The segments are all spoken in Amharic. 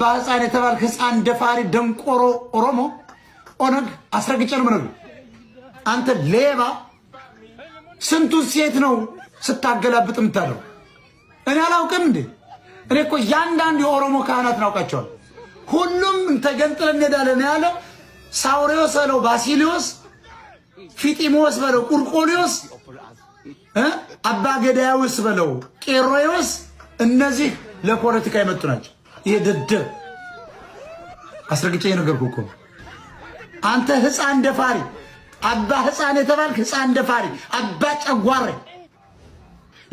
በህፃን የተባልክ ህፃን ደፋሪ ደንቆሮ ኦሮሞ ኦነግ አስረግጬ ነው አንተ ሌባ፣ ስንቱን ሴት ነው ስታገላብጥ የምታለው? እኔ አላውቅም እንዴ? እኔ እኮ እያንዳንዱ የኦሮሞ ካህናት እናውቃቸዋል። ሁሉም ተገንጥለን እንሄዳለን ያለው ሳውሬዎስ በለው ባሲሊዮስ፣ ፊጢሞስ በለው ቁርቆሊዮስ፣ አባ ገዳዮስ በለው ቄሮዮስ፣ እነዚህ ለፖለቲካ የመጡ ናቸው። ይሄ ደደብ አስረግጬ የነገርኩህ እኮ አንተ ህፃን ደፋሪ፣ አባ ህፃን የተባልክ ህፃን ደፋሪ፣ አባ ጨጓሬ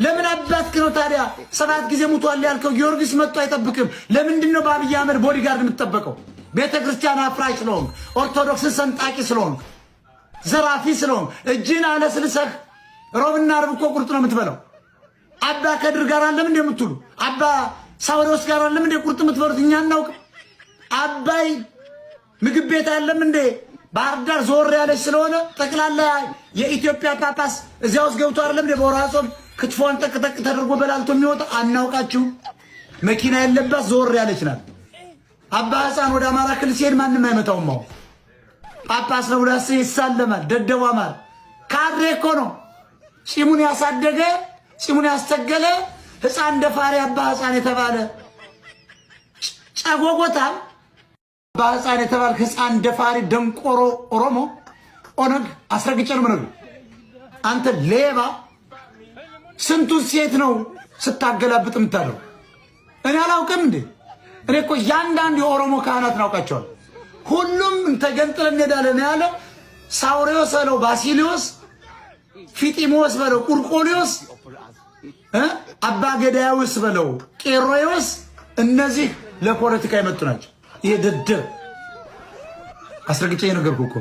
ለምን አባት ነው ታዲያ? ሰባት ጊዜ ሙቷል ያልከው ጊዮርጊስ መጥቶ አይጠብቅም? ለምንድን ነው በአብይ አህመድ ቦዲጋርድ የምትጠበቀው? ቤተ ክርስቲያን አፍራሽ ስለሆንክ፣ ኦርቶዶክስን ሰንጣቂ ስለሆንክ፣ ዘራፊ ስለሆንክ እጅን አለስልሰህ ሮብና ርብ እኮ ቁርጥ ነው የምትበለው። አባ ከድር ጋር ለምን እንደምትሉ አባ ሳውዲዎች ጋር አለም እንዴ ቁርጥ የምትበሉት እኛ እናውቅ። አባይ ምግብ ቤት አለም እንዴ ባህር ዳር ዞር ያለች ስለሆነ ጠቅላላ የኢትዮጵያ ጳጳስ እዚያ ውስጥ ገብቶ አለም እንዴ በወርሃ ጾም ክትፎን ጠቅጠቅ ተደርጎ በላልቶ የሚወጣ አናውቃችሁ። መኪና ያለባት ዞር ያለች ናት። አባ ህፃን ወደ አማራ ክልል ሲሄድ ማንም አይመታውም። አሁን ጳጳስ ነው ብሎ ይሳለማል። ደደቡ ካድሬ እኮ ነው ፂሙን ያሳደገ ፂሙን ያስተገለ ህፃን ደፋሪ አባ ህፃን የተባለ ጨጎጎታ አባ ህፃን የተባለ ህፃን ደፋሪ ደንቆሮ ኦሮሞ ኦነግ አስረግጬ ነው የምነግርህ። አንተ ሌባ ስንቱን ሴት ነው ስታገላብጥ የምታደርገው? እኔ አላውቅም እንዴ? እኔ እኮ እያንዳንዱ የኦሮሞ ካህናት እናውቃቸዋል። ሁሉም ተገንጥለን እንሄዳለን ያለው ሳውሬዎስ በለው፣ ባሲሊዮስ ፊጢሞስ በለው፣ ቁርቆሊዮስ አባ ገዳያውስ በለው ቄሮዎስ፣ እነዚህ ለፖለቲካ የመጡ ናቸው። ይሄ ደደብ አስረግጬ የነገርኩ እኮ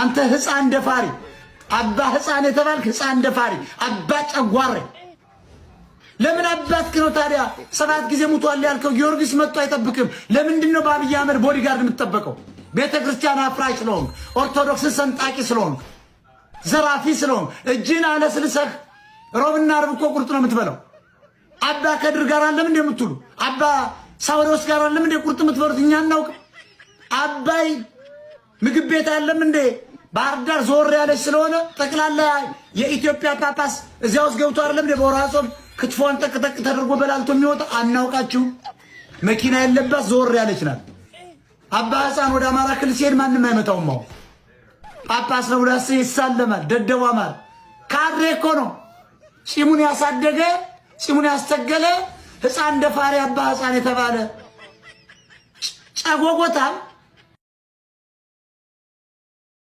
አንተ ሕፃን ደፋሪ፣ አባ ህፃን የተባልክ ሕፃን ደፋሪ፣ አባ ጨጓሬ ለምን አባትክ ነው ታዲያ? ሰባት ጊዜ ሙቷል ያልከው ጊዮርጊስ መጥቶ አይጠብቅም? ለምንድን ነው በአብይ አህመድ ቦዲጋርድ የምትጠበቀው? ቤተ ክርስቲያን አፍራሽ ስለሆንክ፣ ኦርቶዶክስን ሰንጣቂ ስለሆንክ፣ ዘራፊ ስለሆንክ እጅን አለስልሰህ ሮብና ርብ እኮ ቁርጥ ነው የምትበላው። አባ ከድር ጋር አለም እንደ የምትሉ አባ ሳውሪዎስ ጋር አለም እንደ ቁርጥ የምትበሉት እኛ እናውቅ። አባይ ምግብ ቤት አለም እንደ ባህር ዳር ዞር ያለች ስለሆነ ጠቅላላ የኢትዮጵያ ጳጳስ እዚያ ውስጥ ገብቶ አለም እንደ በወርሃ ጾም ክትፎን ጠቅጠቅ ተደርጎ በላልቶ የሚወጣ አናውቃችሁም። መኪና ያለባት ዞር ያለች ናት። አባ ህፃን ወደ አማራ ክልል ሲሄድ ማንም አይመታውም። ጳጳስ ነው ብሎ ይሳለማል። ደደቧ ማር ካድሬ እኮ ነው። ፂሙን ያሳደገ ፂሙን ያስተገለ ህፃን ደፋሪ አባ ህፃን የተባለ ጨጎጎታም